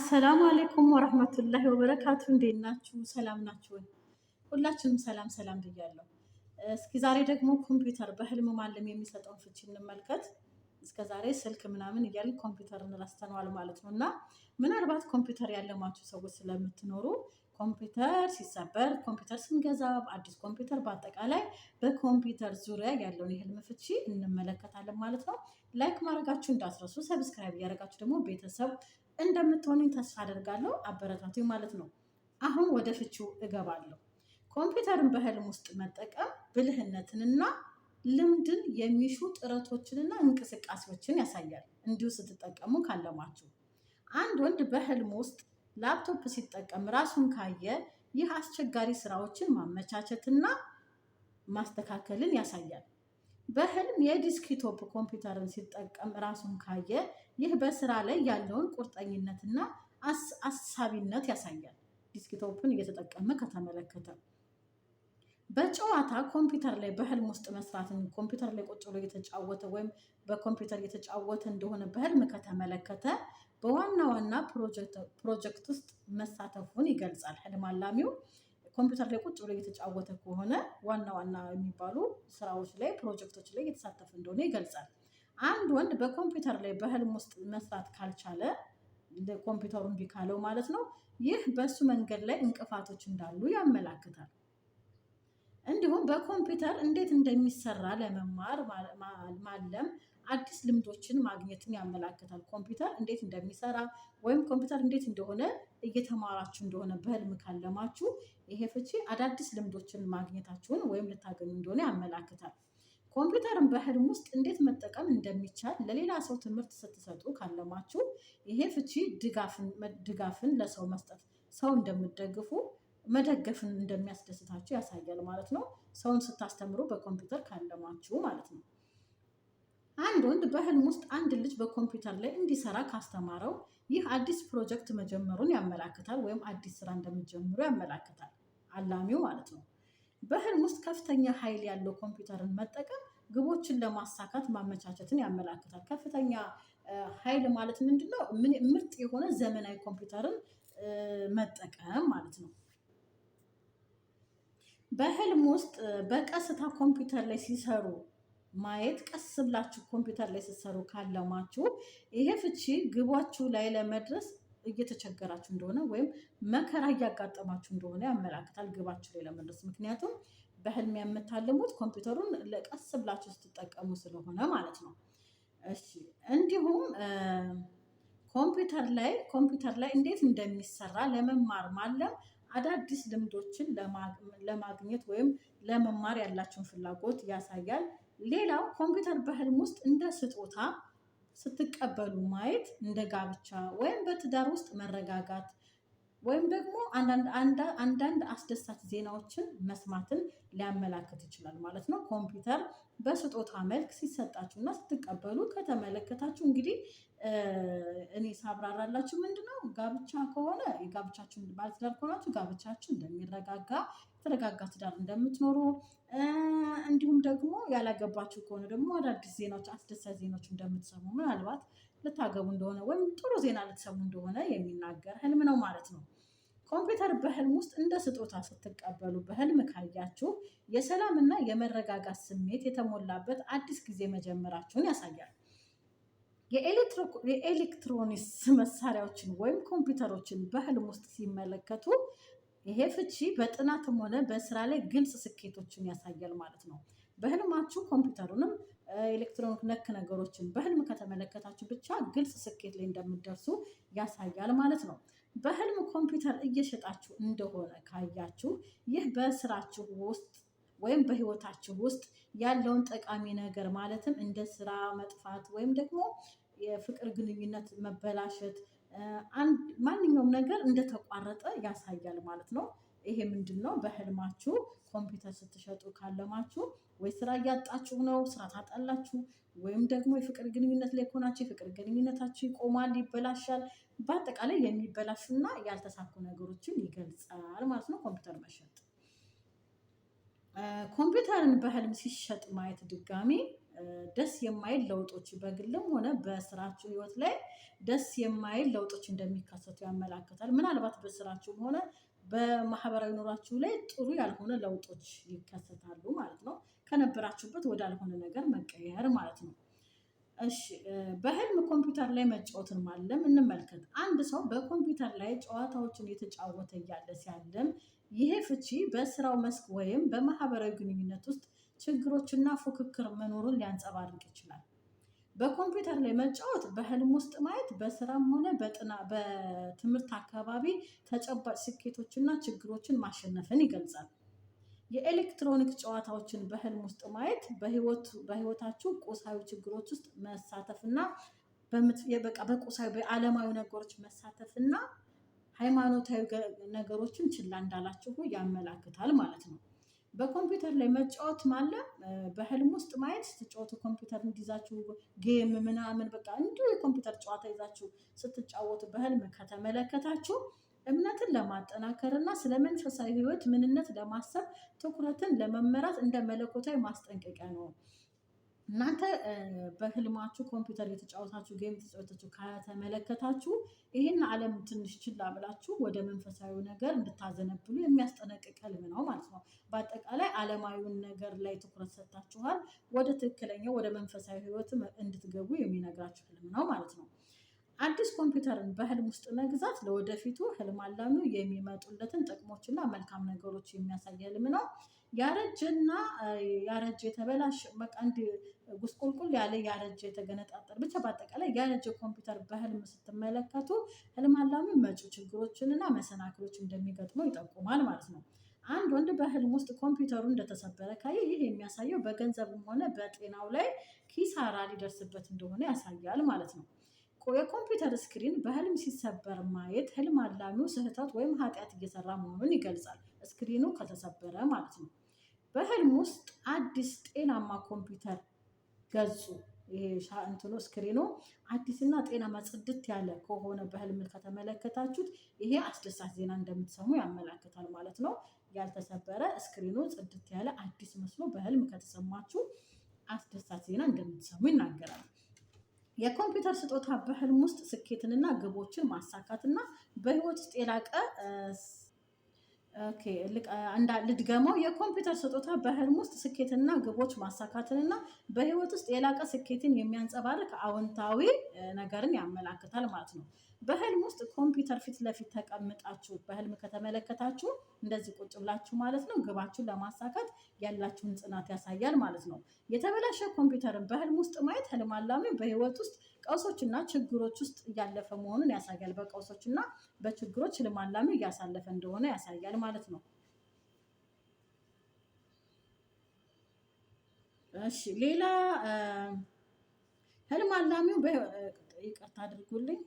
አሰላሙ አሌይኩም ወረህመቱላሂ ወበረካቱ። እንዴት ናችሁ? ሰላም ናችሁ? ሁላችንም ሰላም ሰላም ብያለሁ። እስኪ ዛሬ ደግሞ ኮምፒውተር በህልም ማለም የሚሰጠውን ፍቺ እንመልከት። እስከ ዛሬ ስልክ ምናምን እያልን ኮምፒውተርን ረስተነዋል ማለት ነው እና ምናልባት ኮምፒውተር ያለማችሁ ሰዎች ስለምትኖሩ ኮምፒውተር ሲሰበር፣ ኮምፒውተር ስንገዛ፣ አዲስ ኮምፒውተር፣ በአጠቃላይ በኮምፒውተር ዙሪያ ያለውን የህልም ፍቺ እንመለከታለን ማለት ነው። ላይክ ማድረጋችሁ እንዳትረሱ፣ ሰብስክራይብ እያደረጋችሁ ደግሞ ቤተሰብ እንደምትሆኑኝ ተስፋ አደርጋለሁ። አበረታቱኝ ማለት ነው። አሁን ወደ ፍቺው እገባለሁ። ኮምፒውተርን በህልም ውስጥ መጠቀም ብልህነትንና ልምድን የሚሹ ጥረቶችንና እንቅስቃሴዎችን ያሳያል። እንዲሁ ስትጠቀሙ ካለማችሁ አንድ ወንድ በህልም ውስጥ ላፕቶፕ ሲጠቀም ራሱን ካየ ይህ አስቸጋሪ ስራዎችን ማመቻቸትና ማስተካከልን ያሳያል። በህልም የዲስክቶፕ ኮምፒውተርን ሲጠቀም ራሱን ካየ ይህ በስራ ላይ ያለውን ቁርጠኝነትና አሳቢነት ያሳያል። ዲስክቶፕን እየተጠቀመ ከተመለከተ በጨዋታ ኮምፒውተር ላይ በህልም ውስጥ መስራትን ኮምፒውተር ላይ ቁጭ ብሎ እየተጫወተ ወይም በኮምፒውተር እየተጫወተ እንደሆነ በህልም ከተመለከተ በዋና ዋና ፕሮጀክት ውስጥ መሳተፉን ይገልጻል። ህልም አላሚው ኮምፒውተር ላይ ቁጭ ብሎ እየተጫወተ ከሆነ ዋና ዋና የሚባሉ ስራዎች ላይ ፕሮጀክቶች ላይ እየተሳተፈ እንደሆነ ይገልጻል። አንድ ወንድ በኮምፒውተር ላይ በህልም ውስጥ መስራት ካልቻለ ኮምፒውተሩ እምቢ ካለው ማለት ነው፣ ይህ በእሱ መንገድ ላይ እንቅፋቶች እንዳሉ ያመላክታል። እንዲሁም በኮምፒውተር እንዴት እንደሚሰራ ለመማር ማለም አዲስ ልምዶችን ማግኘትን ያመላክታል። ኮምፒውተር እንዴት እንደሚሰራ ወይም ኮምፒውተር እንዴት እንደሆነ እየተማራችሁ እንደሆነ በህልም ካለማችሁ ይሄ ፍቺ አዳዲስ ልምዶችን ማግኘታችሁን ወይም ልታገኙ እንደሆነ ያመላክታል። ኮምፒውተርን በህልም ውስጥ እንዴት መጠቀም እንደሚቻል ለሌላ ሰው ትምህርት ስትሰጡ ካለማችሁ ይሄ ፍቺ ድጋፍን ለሰው መስጠት ሰው እንደምደግፉ መደገፍን እንደሚያስደስታችሁ ያሳያል ማለት ነው። ሰውን ስታስተምሩ በኮምፒውተር ካለማችሁ ማለት ነው። አንድ ወንድ በህልም ውስጥ አንድ ልጅ በኮምፒውተር ላይ እንዲሰራ ካስተማረው ይህ አዲስ ፕሮጀክት መጀመሩን ያመላክታል፣ ወይም አዲስ ስራ እንደሚጀምሩ ያመላክታል አላሚው ማለት ነው። በህልም ውስጥ ከፍተኛ ኃይል ያለው ኮምፒውተርን መጠቀም ግቦችን ለማሳካት ማመቻቸትን ያመላክታል። ከፍተኛ ኃይል ማለት ምንድነው ምርጥ የሆነ ዘመናዊ ኮምፒውተርን መጠቀም ማለት ነው። በህልም ውስጥ በቀስታ ኮምፒውተር ላይ ሲሰሩ ማየት ቀስ ብላችሁ ኮምፒውተር ላይ ስትሰሩ ካለማችሁ ይሄ ፍቺ ግቧችሁ ላይ ለመድረስ እየተቸገራችሁ እንደሆነ ወይም መከራ እያጋጠማችሁ እንደሆነ ያመላክታል። ግባችሁ ላይ ለመድረስ ምክንያቱም በህልም የምታልሙት ኮምፒውተሩን ለቀስ ብላችሁ ስትጠቀሙ ስለሆነ ማለት ነው። እሺ እንዲሁም ኮምፒውተር ላይ ኮምፒውተር ላይ እንዴት እንደሚሰራ ለመማር ማለም አዳዲስ ልምዶችን ለማግኘት ወይም ለመማር ያላቸውን ፍላጎት ያሳያል። ሌላው ኮምፒውተር በህልም ውስጥ እንደ ስጦታ ስትቀበሉ ማየት እንደ ጋብቻ ወይም በትዳር ውስጥ መረጋጋት ወይም ደግሞ አንዳንድ አስደሳች ዜናዎችን መስማትን ሊያመላክት ይችላል ማለት ነው። ኮምፒውተር በስጦታ መልክ ሲሰጣችሁ እና ስትቀበሉ ከተመለከታችሁ እንግዲህ እኔ ሳብራራላችሁ ምንድነው ጋብቻ ከሆነ የጋብቻችሁ ባለትዳር ከሆናችሁ ጋብቻችሁ እንደሚረጋጋ ተረጋጋ ትዳር እንደምትኖሩ እንዲሁም ደግሞ ያላገባችሁ ከሆነ ደግሞ አዳዲስ ዜናዎች፣ አስደሳች ዜናዎች እንደምትሰሙ ምናልባት ልታገቡ እንደሆነ ወይም ጥሩ ዜና ልትሰሙ እንደሆነ የሚናገር ህልም ነው ማለት ነው። ኮምፒውተር በህልም ውስጥ እንደ ስጦታ ስትቀበሉ በህልም ካያችሁ የሰላምና የመረጋጋት ስሜት የተሞላበት አዲስ ጊዜ መጀመራችሁን ያሳያል። የኤሌክትሮኒክስ መሳሪያዎችን ወይም ኮምፒውተሮችን በህልም ውስጥ ሲመለከቱ ይሄ ፍቺ በጥናትም ሆነ በስራ ላይ ግልጽ ስኬቶችን ያሳያል ማለት ነው። በህልማችሁ ኮምፒውተሩንም ኤሌክትሮኒክ ነክ ነገሮችን በህልም ከተመለከታችሁ ብቻ ግልጽ ስኬት ላይ እንደምደርሱ ያሳያል ማለት ነው። በህልም ኮምፒውተር እየሸጣችሁ እንደሆነ ካያችሁ ይህ በስራችሁ ውስጥ ወይም በህይወታችሁ ውስጥ ያለውን ጠቃሚ ነገር ማለትም እንደ ስራ መጥፋት ወይም ደግሞ የፍቅር ግንኙነት መበላሸት ማንኛውም ነገር እንደተቋረጠ ያሳያል ማለት ነው። ይሄ ምንድን ነው? በህልማችሁ ኮምፒውተር ስትሸጡ ካለማችሁ ወይ ስራ እያጣችሁ ነው፣ ስራ ታጣላችሁ፣ ወይም ደግሞ የፍቅር ግንኙነት ላይ ከሆናችሁ የፍቅር ግንኙነታችሁ ይቆማል፣ ይበላሻል። በአጠቃላይ የሚበላሹና ያልተሳኩ ነገሮችን ይገልጻል ማለት ነው ኮምፒውተር መሸጥ። ኮምፒውተርን በህልም ሲሸጥ ማየት ድጋሚ ደስ የማይል ለውጦች በግልም ሆነ በስራችሁ ህይወት ላይ ደስ የማይል ለውጦች እንደሚከሰቱ ያመላክታል። ምናልባት በስራችሁም ሆነ በማህበራዊ ኑሯችሁ ላይ ጥሩ ያልሆነ ለውጦች ይከሰታሉ ማለት ነው። ከነበራችሁበት ወዳልሆነ ነገር መቀየር ማለት ነው። እሺ በህልም ኮምፒውተር ላይ መጫወትን ማለም እንመልከት። አንድ ሰው በኮምፒውተር ላይ ጨዋታዎችን እየተጫወተ እያለ ሲያለም ይሄ ፍቺ በስራው መስክ ወይም በማህበራዊ ግንኙነት ውስጥ ችግሮችና ፉክክር መኖሩን ሊያንጸባርቅ ይችላል። በኮምፒውተር ላይ መጫወት በህልም ውስጥ ማየት በስራም ሆነ በጥና በትምህርት አካባቢ ተጨባጭ ስኬቶችና ችግሮችን ማሸነፍን ይገልጻል። የኤሌክትሮኒክ ጨዋታዎችን በህልም ውስጥ ማየት በህይወታችሁ ቁሳዊ ችግሮች ውስጥ መሳተፍና በቃ በቁሳዊ በዓለማዊ ነገሮች መሳተፍና ሃይማኖታዊ ነገሮችን ችላ እንዳላችሁ ያመላክታል ማለት ነው። በኮምፒውተር ላይ መጫወት ማለ በህልም ውስጥ ማየት ስትጫወቱ ኮምፒውተር እንዲይዛችሁ ጌም ምናምን በቃ እንዲሁ የኮምፒውተር ጨዋታ ይዛችሁ ስትጫወቱ በህልም ከተመለከታችሁ እምነትን ለማጠናከር እና ስለ መንፈሳዊ ህይወት ምንነት ለማሰብ ትኩረትን ለመመራት እንደ መለኮታዊ ማስጠንቀቂያ ነው። እናንተ በህልማችሁ ኮምፒውተር የተጫወታችሁ ጌም የተጫወታችሁ ከተመለከታችሁ ይህን ዓለም ትንሽ ችላ ብላችሁ ወደ መንፈሳዊ ነገር እንድታዘነብሉ የሚያስጠነቅቅ ህልም ነው ማለት ነው። በአጠቃላይ ዓለማዊውን ነገር ላይ ትኩረት ሰጥታችኋል፣ ወደ ትክክለኛው ወደ መንፈሳዊ ህይወት እንድትገቡ የሚነግራችሁ ህልም ነው ማለት ነው። አዲስ ኮምፒውተርን በህልም ውስጥ መግዛት ለወደፊቱ ህልም አላሚው የሚመጡለትን ጥቅሞችና መልካም ነገሮች የሚያሳይ ህልም ነው። ያረጀና ያረጀ የተበላሸ በቃ አንድ ጉስቁልቁል ያለ ያረጀ የተገነጣጠር ብቻ በአጠቃላይ ያረጀ ኮምፒውተር በህልም ስትመለከቱ ህልም አላሚው መጪው ችግሮችንና መሰናክሎች እንደሚገጥመው ይጠቁማል ማለት ነው። አንድ ወንድ በህልም ውስጥ ኮምፒውተሩ እንደተሰበረ ካየ ይህ የሚያሳየው በገንዘብም ሆነ በጤናው ላይ ኪሳራ ሊደርስበት እንደሆነ ያሳያል ማለት ነው። የኮምፒውተር ስክሪን በህልም ሲሰበር ማየት ህልም አላሚው ስህተት ወይም ኃጢአት እየሰራ መሆኑን ይገልጻል። ስክሪኑ ከተሰበረ ማለት ነው። በህልም ውስጥ አዲስ ጤናማ ኮምፒውተር ገጹ ይሄ እንትኖ ስክሪኑ አዲስና ጤናማ ጽድት ያለ ከሆነ በህልም ከተመለከታችሁት ይሄ አስደሳች ዜና እንደምትሰሙ ያመላክታል ማለት ነው። ያልተሰበረ ስክሪኑ ጽድት ያለ አዲስ መስሎ በህልም ከተሰማችሁ አስደሳች ዜና እንደምትሰሙ ይናገራል። የኮምፒውተር ስጦታ በህልም ውስጥ ስኬትንና ግቦችን ማሳካትና በህይወት ውስጥ የላቀ ልድገመው የኮምፒውተር ስጦታ በህልም ውስጥ ስኬትንና ግቦች ማሳካትንና በህይወት ውስጥ የላቀ ስኬትን የሚያንጸባርቅ አዎንታዊ ነገርን ያመላክታል ማለት ነው። በህልም ውስጥ ኮምፒውተር ፊት ለፊት ተቀምጣችሁ በህልም ከተመለከታችሁ እንደዚህ ቁጭ ብላችሁ ማለት ነው ግባችሁን ለማሳካት ያላችሁን ጽናት ያሳያል ማለት ነው። የተበላሸ ኮምፒውተርን በህልም ውስጥ ማየት ህልም አላሚ በህይወት ውስጥ ቀውሶችና ችግሮች ውስጥ እያለፈ መሆኑን ያሳያል። በቀውሶችና በችግሮች ህልም አላሚ እያሳለፈ እንደሆነ ያሳያል ማለት ነው። እሺ ሌላ ህልም አላሚው ይቅርታ አድርጉልኝ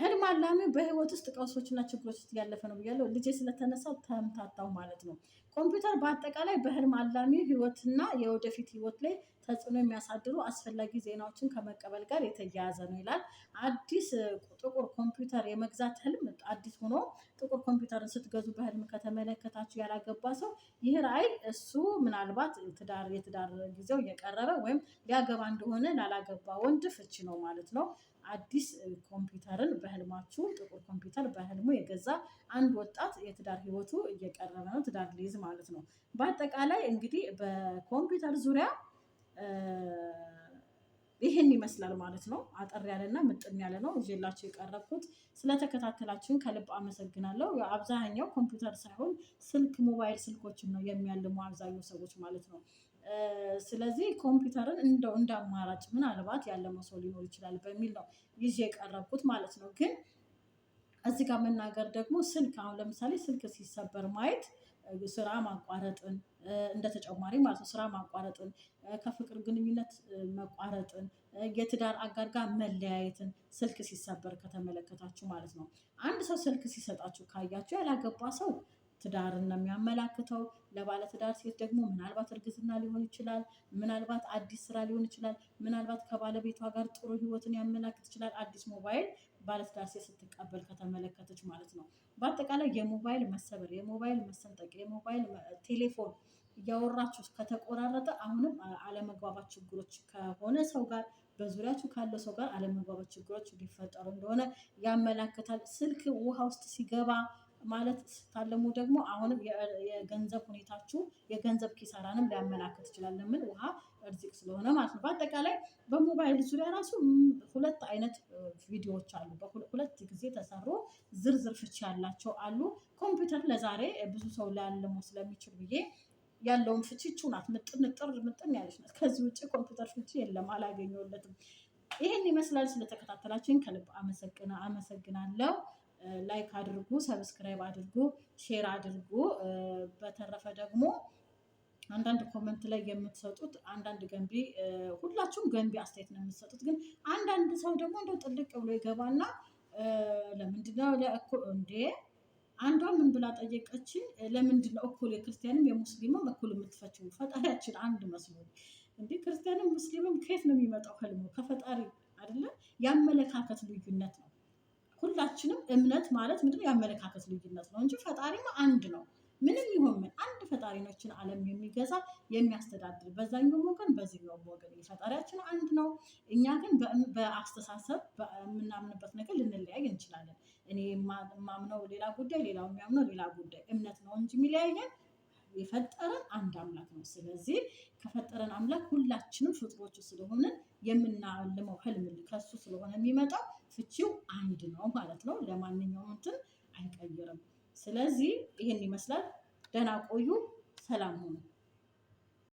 ህልም አላሚ በህይወት ውስጥ ቀውሶችና ችግሮች ውስጥ ያለፈ ነው ብያለው። ልጄ ስለተነሳው ተምታታው ማለት ነው። ኮምፒውተር በአጠቃላይ በህልም አላሚ ህይወትና የወደፊት ህይወት ላይ ተጽዕኖ የሚያሳድሩ አስፈላጊ ዜናዎችን ከመቀበል ጋር የተያያዘ ነው ይላል። አዲስ ጥቁር ኮምፒውተር የመግዛት ህልም አዲስ ሆኖ ጥቁር ኮምፒውተርን ስትገዙ በህልም ከተመለከታችሁ ያላገባ ሰው ይህ ራዕይ እሱ ምናልባት ትዳር የትዳር ጊዜው እየቀረበ ወይም ሊያገባ እንደሆነ ላላገባ ወንድ ፍቺ ነው ማለት ነው። አዲስ ኮምፒውተርን በህልማችሁ ጥቁር ኮምፒውተር በህልሙ የገዛ አንድ ወጣት የትዳር ህይወቱ እየቀረበ ነው፣ ትዳር ሊይዝ ማለት ነው። በአጠቃላይ እንግዲህ በኮምፒውተር ዙሪያ ይህን ይመስላል ማለት ነው። አጠር ያለና ምጥን ያለ ነው ይዤላችሁ የቀረብኩት። ስለተከታተላችሁን ከልብ አመሰግናለሁ። አብዛኛው ኮምፒውተር ሳይሆን ስልክ፣ ሞባይል ስልኮችን ነው የሚያልሙ አብዛኛው ሰዎች ማለት ነው። ስለዚህ ኮምፒውተርን እንደው እንደ አማራጭ ምናልባት ያለመው ሰው ሊኖር ይችላል በሚል ነው ይዤ የቀረብኩት ማለት ነው። ግን እዚህ ጋር መናገር ደግሞ ስልክ አሁን ለምሳሌ ስልክ ሲሰበር ማየት ስራ ማቋረጥን እንደ ተጨማሪ ማለት ነው። ስራ ማቋረጥን፣ ከፍቅር ግንኙነት መቋረጥን፣ የትዳር አጋር ጋር መለያየትን ስልክ ሲሰበር ከተመለከታችሁ ማለት ነው። አንድ ሰው ስልክ ሲሰጣችሁ ካያችሁ ያላገባ ሰው ትዳርን ነው የሚያመላክተው። ለባለ ትዳር ሴት ደግሞ ምናልባት እርግዝና ሊሆን ይችላል። ምናልባት አዲስ ስራ ሊሆን ይችላል። ምናልባት ከባለቤቷ ጋር ጥሩ ህይወትን ያመላክት ይችላል። አዲስ ሞባይል ባለትዳር ሴት ስትቀበል ከተመለከተች ማለት ነው። በአጠቃላይ የሞባይል መሰበር፣ የሞባይል መሰንጠቅ፣ የሞባይል ቴሌፎን እያወራችሁ ከተቆራረጠ አሁንም አለመግባባት ችግሮች ከሆነ ሰው ጋር በዙሪያችሁ ካለው ሰው ጋር አለመግባባት ችግሮች ሊፈጠሩ እንደሆነ ያመላክታል። ስልክ ውሃ ውስጥ ሲገባ ማለት ስታለሙ ደግሞ አሁንም የገንዘብ ሁኔታችሁ የገንዘብ ኪሳራንም ሊያመላክት ይችላል። ለምን ውሃ እርዚቅ ስለሆነ ማለት ነው። በአጠቃላይ በሞባይል ዙሪያ ራሱ ሁለት አይነት ቪዲዮዎች አሉ። ሁለት ጊዜ ተሰሩ ዝርዝር ፍቺ ያላቸው አሉ። ኮምፒውተር ለዛሬ ብዙ ሰው ሊያለሙ ስለሚችል ብዬ ያለውን ፍቺ ይቺው ናት። ምጥን ንጥር ምጥን ያለች ናት። ከዚህ ውጭ ኮምፒውተር ፍቺ የለም፣ አላገኘሁለትም። ይህን ይመስላል። ስለተከታተላችን ከልብ አመሰግና አመሰግናለሁ። ላይክ አድርጉ፣ ሰብስክራይብ አድርጉ፣ ሼር አድርጉ። በተረፈ ደግሞ አንዳንድ ኮመንት ላይ የምትሰጡት አንዳንድ ገንቢ ሁላችሁም ገንቢ አስተያየት ነው የምትሰጡት። ግን አንዳንድ ሰው ደግሞ እንደው ጥልቅ ብሎ ይገባና ለምንድነው እንዴ አንዷ ምን ብላ ጠየቀችን? ለምንድነው እኩል የክርስቲያንም የሙስሊምም እኩል የምትፈችው? ፈጣሪያችን አንድ መስሎ እንዴ? ክርስቲያንም ሙስሊምም ከየት ነው የሚመጣው? ህልሙ ከፈጣሪ አይደለም። የአመለካከት ልዩነት ነው። ሁላችንም እምነት ማለት ምንድነው? የአመለካከት ልዩነት ነው እንጂ ፈጣሪማ አንድ ነው። ምንም ይሆን ምን አንድ ፈጣሪ ነችን ዓለም የሚገዛ የሚያስተዳድር፣ በዛኛውም ወገን በዚህኛውም ወገን የፈጣሪያችን አንድ ነው። እኛ ግን በአስተሳሰብ በምናምንበት ነገር ልንለያይ እንችላለን። እኔ የማምነው ሌላ ጉዳይ፣ ሌላው የሚያምነው ሌላ ጉዳይ፣ እምነት ነው እንጂ የሚለያየን የፈጠረን አንድ አምላክ ነው። ስለዚህ ከፈጠረን አምላክ ሁላችንም ፍጥሮቹ ስለሆንን የምናልመው ህልም ከሱ ስለሆነ የሚመጣው ፍቺው አንድ ነው ማለት ነው። ለማንኛውም እንትን አይቀይርም። ስለዚህ ይህን ይመስላል። ደህና ቆዩ። ሰላም ሁኑ።